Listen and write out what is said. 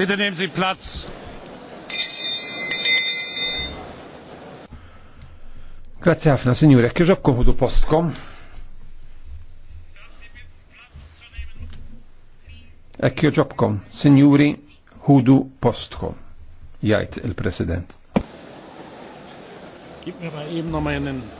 Bitte nehmen Sie Platz. Grazie ħafna, signore. Che Kieġobkom hudu postkom. Ekki ġobkom, signori, hudu postko, jajt il-president. Gib mir ma eben noch mal einen